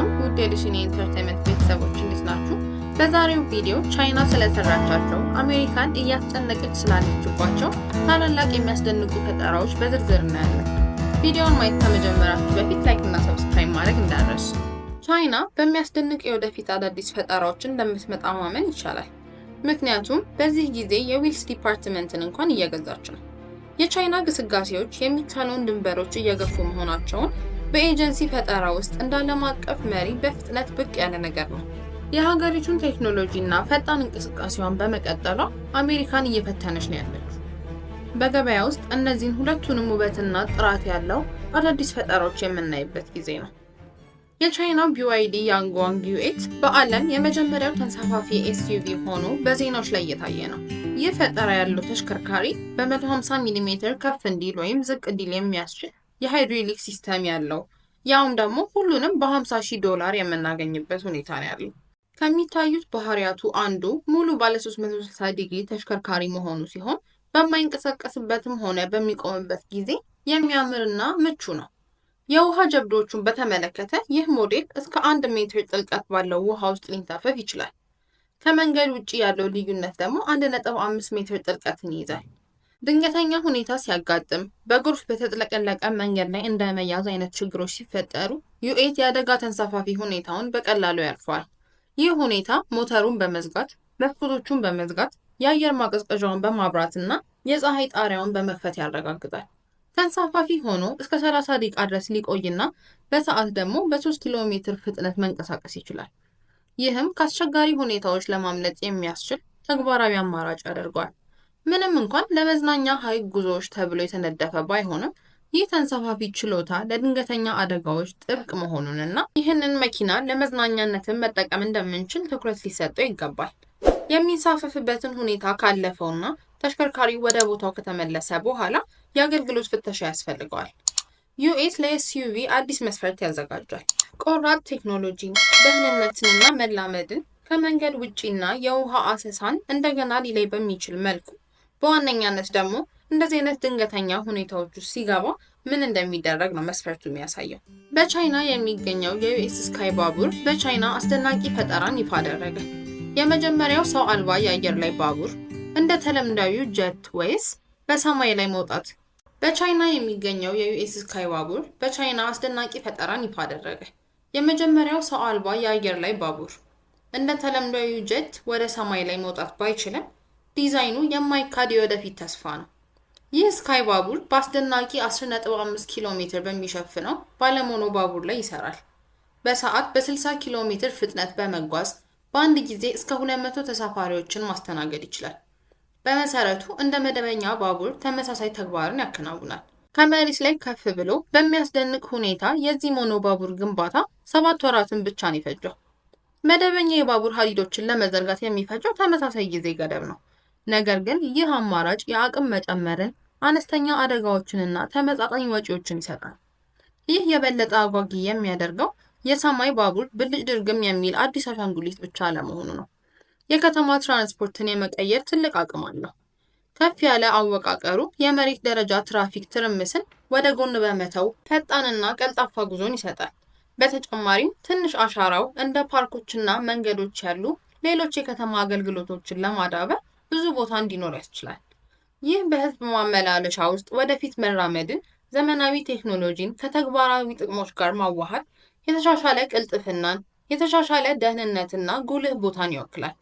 ሰላም ውድ የዲስኒ የኢንተርቴንመንት ቤተሰቦች እንዴት ናችሁ? በዛሬው ቪዲዮ ቻይና ስለሰራቻቸው አሜሪካን እያስጨነቀች ስላለችባቸው ታላላቅ የሚያስደንቁ ፈጠራዎች በዝርዝር እናያለን። ቪዲዮውን ማየት ከመጀመራችሁ በፊት ላይክ እና ሰብስክራይብ ማድረግ እንዳረሱ ቻይና በሚያስደንቅ የወደፊት አዳዲስ ፈጠራዎች እንደምትመጣ ማመን ይቻላል። ምክንያቱም በዚህ ጊዜ የዊልስ ዲፓርትመንትን እንኳን እየገዛች ነው። የቻይና ግስጋሴዎች የሚቻለውን ድንበሮች እየገፉ መሆናቸውን በኤጀንሲ ፈጠራ ውስጥ እንደ ዓለም አቀፍ መሪ በፍጥነት ብቅ ያለ ነገር ነው። የሀገሪቱን ቴክኖሎጂ እና ፈጣን እንቅስቃሴዋን በመቀጠሏ አሜሪካን እየፈተነች ነው ያለች። በገበያ ውስጥ እነዚህን ሁለቱንም ውበትና ጥራት ያለው አዳዲስ ፈጠራዎች የምናይበት ጊዜ ነው። የቻይናው ቢዋይዲ ያንጓንግ ዩኤት በዓለም የመጀመሪያው ተንሳፋፊ ኤስዩቪ ሆኖ በዜናዎች ላይ እየታየ ነው። ይህ ፈጠራ ያለው ተሽከርካሪ በ150 ሚሜ ከፍ እንዲል ወይም ዝቅ እንዲል የሚያስችል የሃይድሮሊክ ሲስተም ያለው ያውም ደግሞ ሁሉንም በ50 ሺህ ዶላር የምናገኝበት ሁኔታ ነው ያለው። ከሚታዩት ባህሪያቱ አንዱ ሙሉ ባለ 360 ዲግሪ ተሽከርካሪ መሆኑ ሲሆን በማይንቀሳቀስበትም ሆነ በሚቆምበት ጊዜ የሚያምርና ምቹ ነው። የውሃ ጀብዶቹን በተመለከተ ይህ ሞዴል እስከ አንድ ሜትር ጥልቀት ባለው ውሃ ውስጥ ሊንሳፈፍ ይችላል። ከመንገድ ውጭ ያለው ልዩነት ደግሞ 1.5 ሜትር ጥልቀትን ይይዛል። ድንገተኛ ሁኔታ ሲያጋጥም በጎርፍ በተጥለቀለቀ መንገድ ላይ እንደመያዝ አይነት ችግሮች ሲፈጠሩ ዩኤት የአደጋ ተንሳፋፊ ሁኔታውን በቀላሉ ያልፈዋል። ይህ ሁኔታ ሞተሩን በመዝጋት መስኮቶቹን በመዝጋት የአየር ማቀዝቀዣውን በማብራትና የፀሐይ ጣሪያውን በመክፈት ያረጋግጣል። ተንሳፋፊ ሆኖ እስከ 30 ደቂቃ ድረስ ሊቆይና በሰዓት ደግሞ በ3 ኪሎ ሜትር ፍጥነት መንቀሳቀስ ይችላል። ይህም ከአስቸጋሪ ሁኔታዎች ለማምለጥ የሚያስችል ተግባራዊ አማራጭ ያደርገዋል። ምንም እንኳን ለመዝናኛ ሐይቅ ጉዞዎች ተብሎ የተነደፈ ባይሆንም ይህ ተንሳፋፊ ችሎታ ለድንገተኛ አደጋዎች ጥብቅ መሆኑንና ይህንን መኪና ለመዝናኛነትን መጠቀም እንደምንችል ትኩረት ሊሰጠው ይገባል። የሚንሳፈፍበትን ሁኔታ ካለፈውና ተሽከርካሪ ወደ ቦታው ከተመለሰ በኋላ የአገልግሎት ፍተሻ ያስፈልገዋል። ዩኤስ ለኤስዩቪ አዲስ መስፈርት ያዘጋጃል። ቆራጥ ቴክኖሎጂ ደህንነትንና መላመድን ከመንገድ ውጪና የውሃ አሰሳን እንደገና ሊላይ በሚችል መልኩ በዋነኛነት ደግሞ እንደዚህ አይነት ድንገተኛ ሁኔታዎች ውስጥ ሲገባ ምን እንደሚደረግ ነው መስፈርቱ የሚያሳየው። በቻይና የሚገኘው የዩኤስ ስካይ ባቡር በቻይና አስደናቂ ፈጠራን ይፋ አደረገ። የመጀመሪያው ሰው አልባ የአየር ላይ ባቡር እንደ ተለምዳዊው ጀት ወይስ በሰማይ ላይ መውጣት። በቻይና የሚገኘው የዩኤስ ስካይ ባቡር በቻይና አስደናቂ ፈጠራን ይፋ አደረገ። የመጀመሪያው ሰው አልባ የአየር ላይ ባቡር እንደ ተለምዳዊው ጀት ወደ ሰማይ ላይ መውጣት ባይችልም ዲዛይኑ የማይካድ የወደፊት ተስፋ ነው። ይህ ስካይ ባቡር በአስደናቂ 15 ኪሎ ሜትር በሚሸፍነው ባለሞኖ ባቡር ላይ ይሰራል። በሰዓት በ60 ኪሎ ሜትር ፍጥነት በመጓዝ በአንድ ጊዜ እስከ 200 ተሳፋሪዎችን ማስተናገድ ይችላል። በመሰረቱ እንደ መደበኛ ባቡር ተመሳሳይ ተግባርን ያከናውናል። ከመሬት ላይ ከፍ ብሎ በሚያስደንቅ ሁኔታ የዚህ ሞኖ ባቡር ግንባታ ሰባት ወራትን ብቻ ነው የፈጀው። መደበኛ የባቡር ሀዲዶችን ለመዘርጋት የሚፈጀው ተመሳሳይ ጊዜ ገደብ ነው። ነገር ግን ይህ አማራጭ የአቅም መጨመርን፣ አነስተኛ አደጋዎችንና ተመጣጣኝ ወጪዎችን ይሰጣል። ይህ የበለጠ አጓጊ የሚያደርገው የሰማይ ባቡር ብልጭ ድርግም የሚል አዲስ አሻንጉሊት ብቻ አለመሆኑ ነው። የከተማ ትራንስፖርትን የመቀየር ትልቅ አቅም አለው። ከፍ ያለ አወቃቀሩ የመሬት ደረጃ ትራፊክ ትርምስን ወደ ጎን በመተው ፈጣንና ቀልጣፋ ጉዞን ይሰጣል። በተጨማሪም ትንሽ አሻራው እንደ ፓርኮችና መንገዶች ያሉ ሌሎች የከተማ አገልግሎቶችን ለማዳበር ብዙ ቦታ እንዲኖር ያስችላል። ይህ በህዝብ ማመላለሻ ውስጥ ወደፊት መራመድን፣ ዘመናዊ ቴክኖሎጂን ከተግባራዊ ጥቅሞች ጋር ማዋሃድ የተሻሻለ ቅልጥፍናን፣ የተሻሻለ ደህንነትና ጉልህ ቦታን ይወክላል።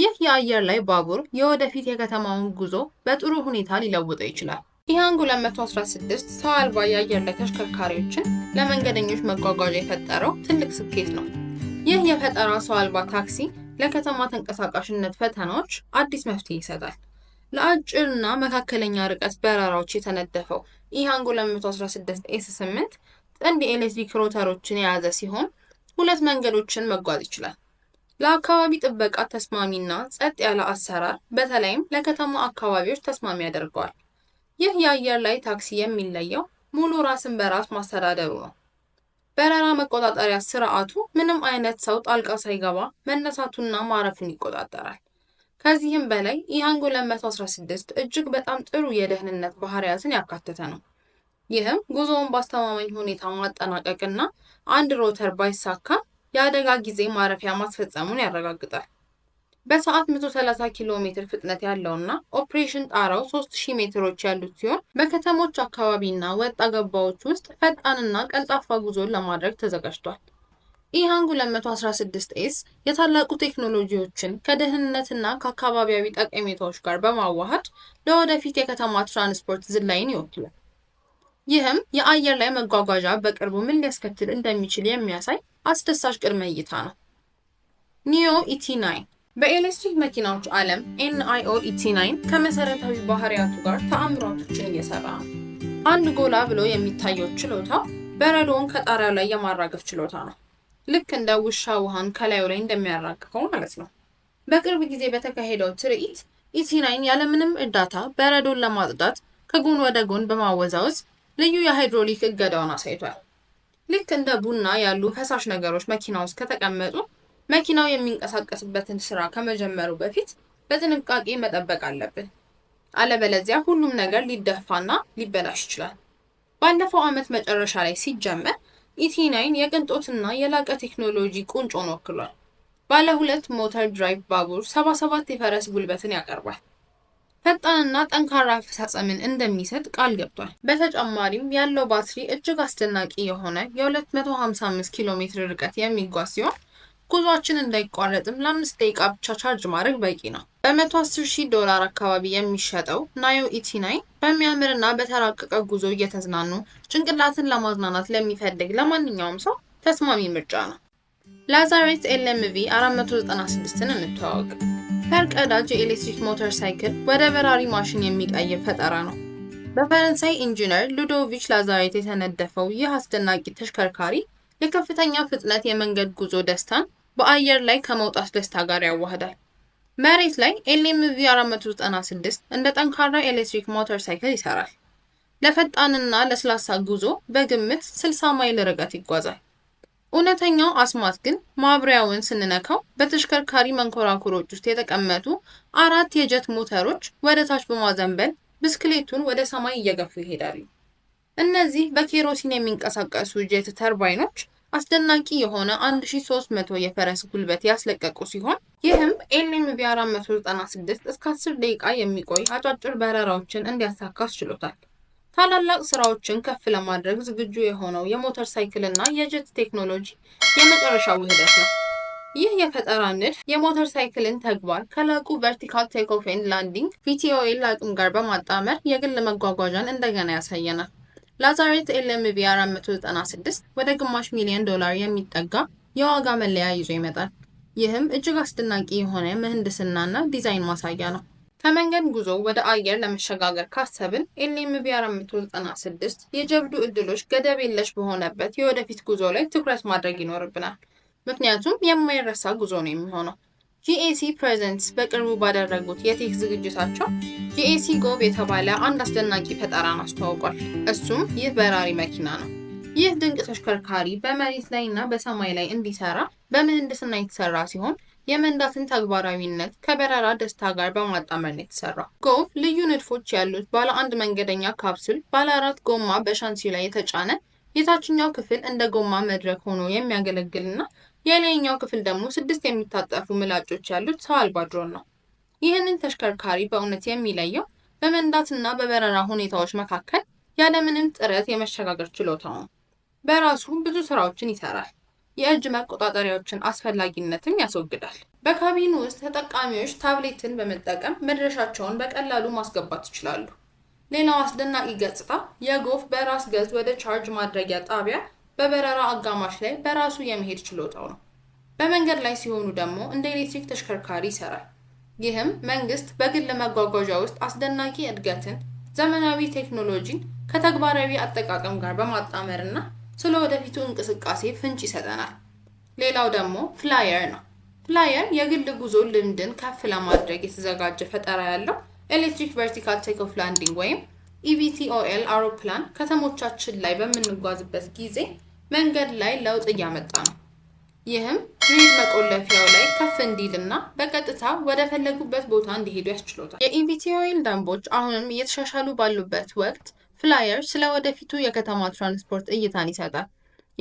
ይህ የአየር ላይ ባቡር የወደፊት የከተማውን ጉዞ በጥሩ ሁኔታ ሊለውጠው ይችላል። ኢሃን 216 ሰው አልባ የአየር ላይ ተሽከርካሪዎችን ለመንገደኞች መጓጓዣ የፈጠረው ትልቅ ስኬት ነው። ይህ የፈጠራ ሰው አልባ ታክሲ ለከተማ ተንቀሳቃሽነት ፈተናዎች አዲስ መፍትሄ ይሰጣል። ለአጭርና መካከለኛ ርቀት በረራዎች የተነደፈው ኢሃንጎ 216 ኤስ8 ጥንድ የኤሌክትሪክ ሮተሮችን የያዘ ሲሆን ሁለት መንገዶችን መጓዝ ይችላል። ለአካባቢ ጥበቃ ተስማሚና ጸጥ ያለ አሰራር በተለይም ለከተማ አካባቢዎች ተስማሚ ያደርገዋል። ይህ የአየር ላይ ታክሲ የሚለየው ሙሉ ራስን በራስ ማስተዳደሩ ነው። በረራ መቆጣጠሪያ ስርዓቱ ምንም አይነት ሰው ጣልቃ ሳይገባ መነሳቱና ማረፉን ይቆጣጠራል። ከዚህም በላይ ኢሃንግ 216 እጅግ በጣም ጥሩ የደህንነት ባህሪያትን ያካተተ ነው። ይህም ጉዞውን በአስተማማኝ ሁኔታ ማጠናቀቅና አንድ ሮተር ባይሳካ የአደጋ ጊዜ ማረፊያ ማስፈጸሙን ያረጋግጣል። በሰዓት 130 ኪሎ ሜትር ፍጥነት ያለውና ኦፕሬሽን ጣራው 3000 ሜትሮች ያሉት ሲሆን በከተሞች አካባቢና ወጣ ገባዎች ውስጥ ፈጣንና ቀልጣፋ ጉዞን ለማድረግ ተዘጋጅቷል። ኢሃንግ 216 ኤስ የታላቁ ቴክኖሎጂዎችን ከደህንነትና ከአካባቢያዊ ጠቀሜታዎች ጋር በማዋሃድ ለወደፊት የከተማ ትራንስፖርት ዝላይን ይወክላል። ይህም የአየር ላይ መጓጓዣ በቅርቡ ምን ሊያስከትል እንደሚችል የሚያሳይ አስደሳች ቅድመ እይታ ነው። ኒዮ ኢቲ 9 በኤሌክትሪክ መኪናዎች ዓለም ኤንአይኦ ኢቲ9 ከመሰረታዊ ባህሪያቱ ጋር ተአምራቶችን እየሰራ ነው። አንድ ጎላ ብሎ የሚታየው ችሎታ በረዶውን ከጣሪያው ላይ የማራገፍ ችሎታ ነው። ልክ እንደ ውሻ ውሃን ከላዩ ላይ እንደሚያራግፈው ማለት ነው። በቅርብ ጊዜ በተካሄደው ትርኢት ኢቲ9 ያለምንም እርዳታ በረዶን ለማጽዳት ከጎን ወደ ጎን በማወዛወዝ ልዩ የሃይድሮሊክ እገዳውን አሳይቷል። ልክ እንደ ቡና ያሉ ፈሳሽ ነገሮች መኪና ውስጥ ከተቀመጡ መኪናው የሚንቀሳቀስበትን ስራ ከመጀመሩ በፊት በጥንቃቄ መጠበቅ አለብን። አለበለዚያ ሁሉም ነገር ሊደፋና ሊበላሽ ይችላል። ባለፈው ዓመት መጨረሻ ላይ ሲጀመር ኢቲ9 የቅንጦትና የላቀ ቴክኖሎጂ ቁንጮን ወክሏል። ባለ ሁለት ሞተር ድራይቭ ባቡር 77 የፈረስ ጉልበትን ያቀርባል። ፈጣንና ጠንካራ አፈጻጸምን እንደሚሰጥ ቃል ገብቷል። በተጨማሪም ያለው ባትሪ እጅግ አስደናቂ የሆነ የ255 ኪሎ ሜትር ርቀት የሚጓዝ ሲሆን ጉዟችን እንዳይቋረጥም ለአምስት ደቂቃ ብቻ ቻርጅ ማድረግ በቂ ነው። በ110 ሺህ ዶላር አካባቢ የሚሸጠው ናዮ ኢቲ በሚያምርና በተራቀቀ ጉዞ እየተዝናኑ ጭንቅላትን ለማዝናናት ለሚፈልግ ለማንኛውም ሰው ተስማሚ ምርጫ ነው። ላዛሬት ኤልኤምቪ 496ን እንተዋወቅ። ፈርቀዳጅ የኤሌክትሪክ ሞተር ሳይክል ወደ በራሪ ማሽን የሚቀይር ፈጠራ ነው። በፈረንሳይ ኢንጂነር ሉዶቪች ላዛሬት የተነደፈው ይህ አስደናቂ ተሽከርካሪ የከፍተኛ ፍጥነት የመንገድ ጉዞ ደስታን በአየር ላይ ከመውጣት ደስታ ጋር ያዋህዳል። መሬት ላይ ኤልኤምቪ 496 እንደ ጠንካራ ኤሌክትሪክ ሞተር ሳይክል ይሰራል። ለፈጣንና ለስላሳ ጉዞ በግምት 60 ማይል ርቀት ይጓዛል። እውነተኛው አስማት ግን ማብሪያውን ስንነካው በተሽከርካሪ መንኮራኩሮች ውስጥ የተቀመጡ አራት የጀት ሞተሮች ወደ ታች በማዘንበል ብስክሌቱን ወደ ሰማይ እየገፉ ይሄዳሉ። እነዚህ በኬሮሲን የሚንቀሳቀሱ ጄት ተርባይኖች አስደናቂ የሆነ 1300 የፈረስ ጉልበት ያስለቀቁ ሲሆን ይህም ኤልኤምቪ 496 እስከ 10 ደቂቃ የሚቆይ አጫጭር በረራዎችን እንዲያሳካ አስችሎታል። ታላላቅ ስራዎችን ከፍ ለማድረግ ዝግጁ የሆነው የሞተር ሳይክል እና የጀት ቴክኖሎጂ የመጨረሻ ውህደት ነው። ይህ የፈጠራ ንድፍ የሞተር ሳይክልን ተግባር ከላቁ ቨርቲካል ኦፍ ኤንድ ላንዲንግ ቪቲኦኤል አቅም ጋር በማጣመር የግል መጓጓዣን እንደገና ያሳየናል። ላዛሬት ኤልኤምቪ 496 ወደ ግማሽ ሚሊዮን ዶላር የሚጠጋ የዋጋ መለያ ይዞ ይመጣል። ይህም እጅግ አስደናቂ የሆነ ምህንድስናና ዲዛይን ማሳያ ነው። ከመንገድ ጉዞ ወደ አየር ለመሸጋገር ካሰብን ኤልኤምቪ 496 የጀብዱ እድሎች ገደብ የለሽ በሆነበት የወደፊት ጉዞ ላይ ትኩረት ማድረግ ይኖርብናል። ምክንያቱም የማይረሳ ጉዞ ነው የሚሆነው። ጂኤሲ ፕሬዘንትስ በቅርቡ ባደረጉት የቴክ ዝግጅታቸው ጂኤሲ ጎብ የተባለ አንድ አስደናቂ ፈጠራን አስተዋውቋል። እሱም ይህ በራሪ መኪና ነው። ይህ ድንቅ ተሽከርካሪ በመሬት ላይ እና በሰማይ ላይ እንዲሰራ በምህንድስና የተሰራ ሲሆን የመንዳትን ተግባራዊነት ከበረራ ደስታ ጋር በማጣመር ነው የተሰራ ጎቭ ልዩ ንድፎች ያሉት ባለ አንድ መንገደኛ ካፕሱል ባለ አራት ጎማ በሻንሲ ላይ የተጫነ የታችኛው ክፍል እንደ ጎማ መድረክ ሆኖ የሚያገለግልና የላይኛው ክፍል ደግሞ ስድስት የሚታጠፉ ምላጮች ያሉት ሰው አልባ ድሮን ነው። ይህንን ተሽከርካሪ በእውነት የሚለየው በመንዳትና በበረራ ሁኔታዎች መካከል ያለምንም ጥረት የመሸጋገር ችሎታው ነው። በራሱ ብዙ ስራዎችን ይሰራል። የእጅ መቆጣጠሪያዎችን አስፈላጊነትም ያስወግዳል። በካቢኑ ውስጥ ተጠቃሚዎች ታብሌትን በመጠቀም መድረሻቸውን በቀላሉ ማስገባት ይችላሉ። ሌላው አስደናቂ ገጽታ የጎፍ በራስ ገዝ ወደ ቻርጅ ማድረጊያ ጣቢያ በበረራ አጋማሽ ላይ በራሱ የመሄድ ችሎታው ነው። በመንገድ ላይ ሲሆኑ ደግሞ እንደ ኤሌክትሪክ ተሽከርካሪ ይሰራል። ይህም መንግስት በግል መጓጓዣ ውስጥ አስደናቂ እድገትን፣ ዘመናዊ ቴክኖሎጂን ከተግባራዊ አጠቃቀም ጋር በማጣመር እና ስለ ወደፊቱ እንቅስቃሴ ፍንጭ ይሰጠናል። ሌላው ደግሞ ፍላየር ነው። ፍላየር የግል ጉዞ ልምድን ከፍ ለማድረግ የተዘጋጀ ፈጠራ ያለው ኤሌክትሪክ ቨርቲካል ቴክ ኦፍ ላንዲንግ ወይም ኢቪቲኦኤል አውሮፕላን ከተሞቻችን ላይ በምንጓዝበት ጊዜ መንገድ ላይ ለውጥ እያመጣ ነው። ይህም ብሬድ መቆለፊያው ላይ ከፍ እንዲልና በቀጥታ ወደ ፈለጉበት ቦታ እንዲሄዱ ያስችሎታል። የኢንቪቴኦይል ደንቦች አሁንም እየተሻሻሉ ባሉበት ወቅት ፍላየር ስለ ወደፊቱ የከተማ ትራንስፖርት እይታን ይሰጣል።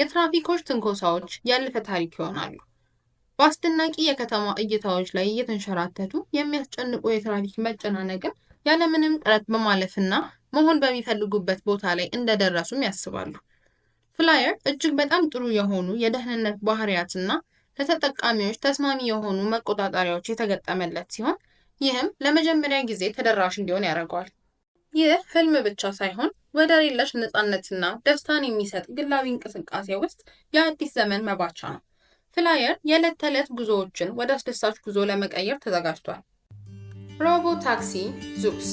የትራፊኮች ትንኮሳዎች ያለፈ ታሪክ ይሆናሉ። በአስደናቂ የከተማ እይታዎች ላይ እየተንሸራተቱ የሚያስጨንቁ የትራፊክ መጨናነቅን ያለምንም ጥረት በማለፍና መሆን በሚፈልጉበት ቦታ ላይ እንደደረሱም ያስባሉ። ፍላየር እጅግ በጣም ጥሩ የሆኑ የደህንነት ባህሪያትና ለተጠቃሚዎች ተስማሚ የሆኑ መቆጣጠሪያዎች የተገጠመለት ሲሆን ይህም ለመጀመሪያ ጊዜ ተደራሽ እንዲሆን ያደርገዋል። ይህ ህልም ብቻ ሳይሆን ወደር የለሽ ነፃነትና ደስታን የሚሰጥ ግላዊ እንቅስቃሴ ውስጥ የአዲስ ዘመን መባቻ ነው። ፍላየር የዕለት ተዕለት ጉዞዎችን ወደ አስደሳች ጉዞ ለመቀየር ተዘጋጅቷል። ሮቦ ታክሲ ዙፕስ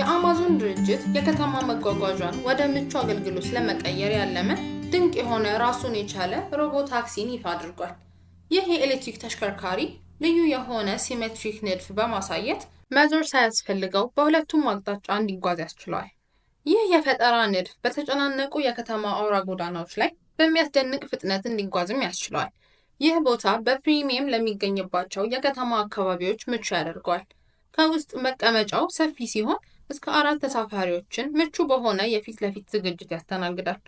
የአማዞን ድርጅት የከተማ መጓጓዣን ወደ ምቹ አገልግሎት ለመቀየር ያለመ ድንቅ የሆነ ራሱን የቻለ ሮቦት ታክሲን ይፋ አድርጓል። ይህ የኤሌክትሪክ ተሽከርካሪ ልዩ የሆነ ሲሜትሪክ ንድፍ በማሳየት መዞር ሳያስፈልገው በሁለቱም አቅጣጫ እንዲጓዝ ያስችለዋል። ይህ የፈጠራ ንድፍ በተጨናነቁ የከተማ አውራ ጎዳናዎች ላይ በሚያስደንቅ ፍጥነት እንዲጓዝም ያስችለዋል። ይህ ቦታ በፕሪሚየም ለሚገኝባቸው የከተማ አካባቢዎች ምቹ ያደርገዋል። ከውስጥ መቀመጫው ሰፊ ሲሆን እስከ አራት ተሳፋሪዎችን ምቹ በሆነ የፊት ለፊት ዝግጅት ያስተናግዳል።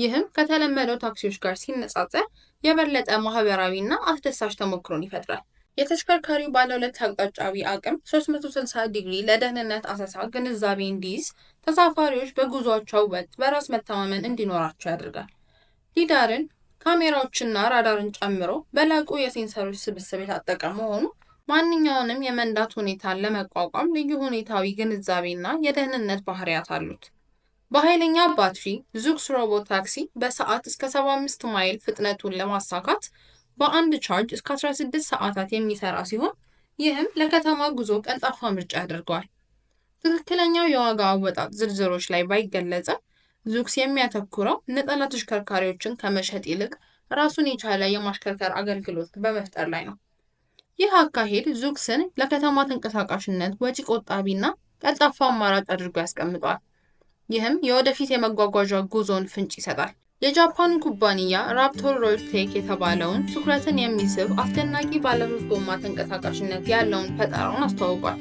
ይህም ከተለመደው ታክሲዎች ጋር ሲነጻጸር የበለጠ ማህበራዊና አስደሳች ተሞክሮን ይፈጥራል። የተሽከርካሪው ባለ ሁለት አቅጣጫዊ አቅም 360 ዲግሪ ለደህንነት አሰሳ ግንዛቤ እንዲይዝ ተሳፋሪዎች በጉዟቸው ወቅት በራስ መተማመን እንዲኖራቸው ያደርጋል። ሊዳርን ካሜራዎችና ራዳርን ጨምሮ በላቁ የሴንሰሮች ስብስብ የታጠቀ መሆኑ ማንኛውንም የመንዳት ሁኔታን ለመቋቋም ልዩ ሁኔታዊ ግንዛቤና የደህንነት ባህሪያት አሉት። በኃይለኛ ባትሪ ዙክስ ታክሲ በሰዓት እስከ 75 ማይል ፍጥነቱን ለማሳካት በአንድ ቻርጅ እስከ 16 ሰዓታት የሚሰራ ሲሆን ይህም ለከተማ ጉዞ ቀልጣፋ ምርጫ ያደርገዋል። ትክክለኛው የዋጋ አወጣጥ ዝርዝሮች ላይ ባይገለጽም ዙክስ የሚያተኩረው ነጠላ ተሽከርካሪዎችን ከመሸጥ ይልቅ ራሱን የቻለ የማሽከርከር አገልግሎት በመፍጠር ላይ ነው። ይህ አካሄድ ዙክስን ለከተማ ተንቀሳቃሽነት ወጪ ቆጣቢና ቀልጣፋ አማራጭ አድርጎ ያስቀምጠዋል። ይህም የወደፊት የመጓጓዣ ጉዞን ፍንጭ ይሰጣል። የጃፓኑ ኩባንያ ራፕቶር ሮልቴክ የተባለውን ትኩረትን የሚስብ አስደናቂ ባለሶስት ጎማ ተንቀሳቃሽነት ያለውን ፈጠራውን አስተዋውቋል።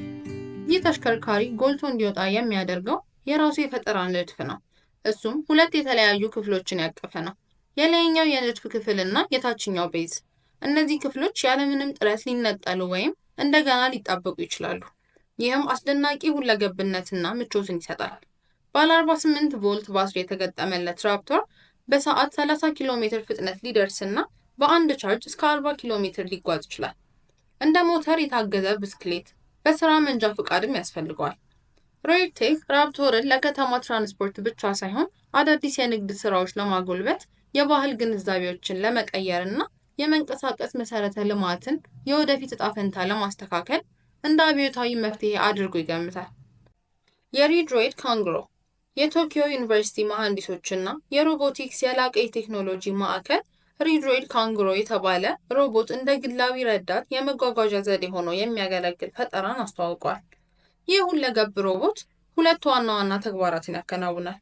ይህ ተሽከርካሪ ጎልቶ እንዲወጣ የሚያደርገው የራሱ የፈጠራ ንድፍ ነው። እሱም ሁለት የተለያዩ ክፍሎችን ያቀፈ ነው፤ የላይኛው የንድፍ ክፍል እና የታችኛው ቤዝ። እነዚህ ክፍሎች ያለምንም ጥረት ሊነጠሉ ወይም እንደገና ሊጣበቁ ይችላሉ። ይህም አስደናቂ ሁለገብነትና ምቾትን ይሰጣል። ባለ 48 ቮልት ባትሪ የተገጠመለት ራፕተር በሰዓት 30 ኪሎ ሜትር ፍጥነት ሊደርስና በአንድ ቻርጅ እስከ 40 ኪሎ ሜትር ሊጓዝ ይችላል። እንደ ሞተር የታገዘ ብስክሌት በስራ መንጃ ፈቃድም ያስፈልገዋል። ሮይቴክ ራፕቶርን ለከተማ ትራንስፖርት ብቻ ሳይሆን አዳዲስ የንግድ ስራዎች ለማጎልበት የባህል ግንዛቤዎችን ለመቀየር እና የመንቀሳቀስ መሰረተ ልማትን የወደፊት እጣ ፈንታ ለማስተካከል እንደ አብዮታዊ መፍትሄ አድርጎ ይገምታል። የሪድሮይድ ካንግሮ የቶኪዮ ዩኒቨርሲቲ መሐንዲሶችና የሮቦቲክስ የላቀ ቴክኖሎጂ ማዕከል ሪድሮይድ ካንግሮ የተባለ ሮቦት እንደ ግላዊ ረዳት የመጓጓዣ ዘዴ ሆኖ የሚያገለግል ፈጠራን አስተዋውቋል። ይህ ሁለገብ ሮቦት ሁለት ዋና ዋና ተግባራትን ያከናውናል።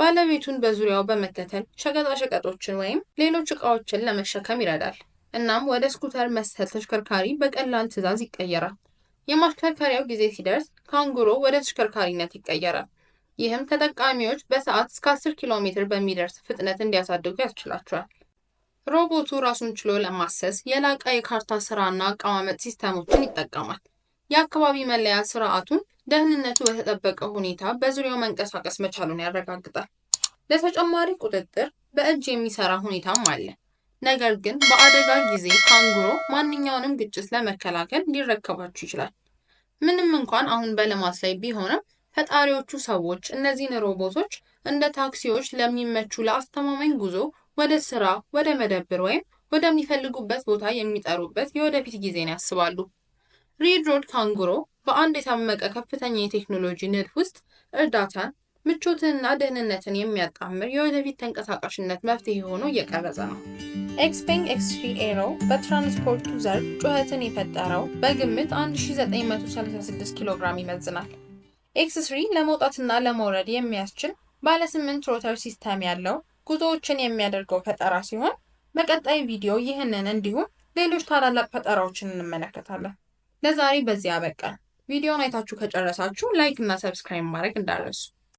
ባለቤቱን በዙሪያው በመከተል ሸቀጣሸቀጦችን ወይም ሌሎች እቃዎችን ለመሸከም ይረዳል፣ እናም ወደ ስኩተር መሰል ተሽከርካሪ በቀላል ትዕዛዝ ይቀየራል። የማሽከርከሪያው ጊዜ ሲደርስ ካንጉሮ ወደ ተሽከርካሪነት ይቀየራል። ይህም ተጠቃሚዎች በሰዓት እስከ 10 ኪሎ ሜትር በሚደርስ ፍጥነት እንዲያሳድጉ ያስችላቸዋል። ሮቦቱ ራሱን ችሎ ለማሰስ የላቀ የካርታ ስራና አቀማመጥ ሲስተሞችን ይጠቀማል። የአካባቢ መለያ ስርዓቱን ደህንነቱ በተጠበቀ ሁኔታ በዙሪያው መንቀሳቀስ መቻሉን ያረጋግጣል። ለተጨማሪ ቁጥጥር በእጅ የሚሰራ ሁኔታም አለ። ነገር ግን በአደጋ ጊዜ ካንጉሮ ማንኛውንም ግጭት ለመከላከል ሊረከባችሁ ይችላል። ምንም እንኳን አሁን በልማት ላይ ቢሆንም ፈጣሪዎቹ ሰዎች እነዚህን ሮቦቶች እንደ ታክሲዎች ለሚመቹ ለአስተማማኝ ጉዞ ወደ ሥራ፣ ወደ መደብር ወይም ወደሚፈልጉበት ቦታ የሚጠሩበት የወደፊት ጊዜን ያስባሉ ሪድሮድ ካንጉሮ በአንድ የታመቀ ከፍተኛ የቴክኖሎጂ ንድፍ ውስጥ እርዳታን፣ ምቾትንና ደህንነትን የሚያጣምር የወደፊት ተንቀሳቃሽነት መፍትሄ ሆኖ እየቀረጸ ነው። ኤክስፔንግ ኤክስሪ ኤሮ በትራንስፖርቱ ዘርፍ ጩኸትን የፈጠረው በግምት 1936 ኪሎ ግራም ይመዝናል። ኤክስስሪ ለመውጣትና ለመውረድ የሚያስችል ባለ ስምንት ሮተር ሲስተም ያለው ጉዞዎችን የሚያደርገው ፈጠራ ሲሆን በቀጣይ ቪዲዮ ይህንን እንዲሁም ሌሎች ታላላቅ ፈጠራዎችን እንመለከታለን። ለዛሬ በዚህ አበቃ። ቪዲዮን አይታችሁ ከጨረሳችሁ ላይክ እና ሰብስክራይብ ማድረግ እንዳረሱ